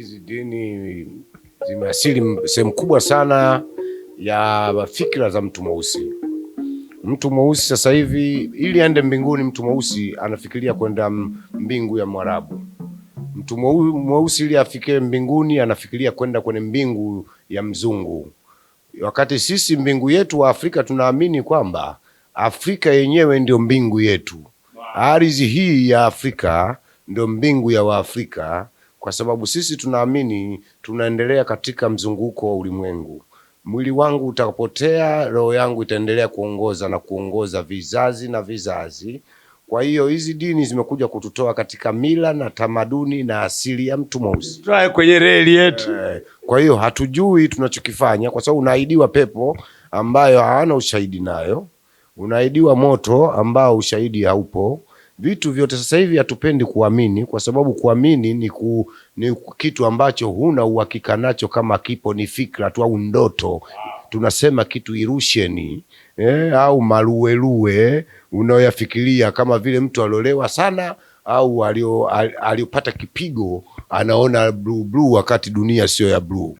hizi dini zimeasili sehemu kubwa sana ya fikira za mtu mweusi. Mtu mweusi sasa hivi ili aende mbinguni, mtu mweusi anafikiria kwenda mbingu ya Mwarabu. Mtu mweusi ili afike mbinguni, anafikiria kwenda kwenye mbingu ya mzungu, wakati sisi mbingu yetu wa Afrika tunaamini kwamba Afrika yenyewe ndio mbingu yetu. Ardhi hii ya Afrika ndio mbingu ya Waafrika kwa sababu sisi tunaamini tunaendelea katika mzunguko wa ulimwengu. Mwili wangu utapotea, roho yangu itaendelea kuongoza na kuongoza vizazi na vizazi. Kwa hiyo hizi dini zimekuja kututoa katika mila na tamaduni na asili ya mtu mweusi kwenye reli yetu. Eh, kwa hiyo hatujui tunachokifanya, kwa sababu unaahidiwa pepo ambayo hawana ushahidi nayo, unaahidiwa moto ambao ushahidi haupo vitu vyote sasa hivi hatupendi kuamini, kwa sababu kuamini ni, ku, ni kitu ambacho huna uhakika nacho, kama kipo ni fikra tu au ndoto. Tunasema kitu irusheni eh, au maluelue unayoyafikiria kama vile mtu aliolewa sana au aliopata kipigo anaona bluu bluu wakati dunia sio ya bluu.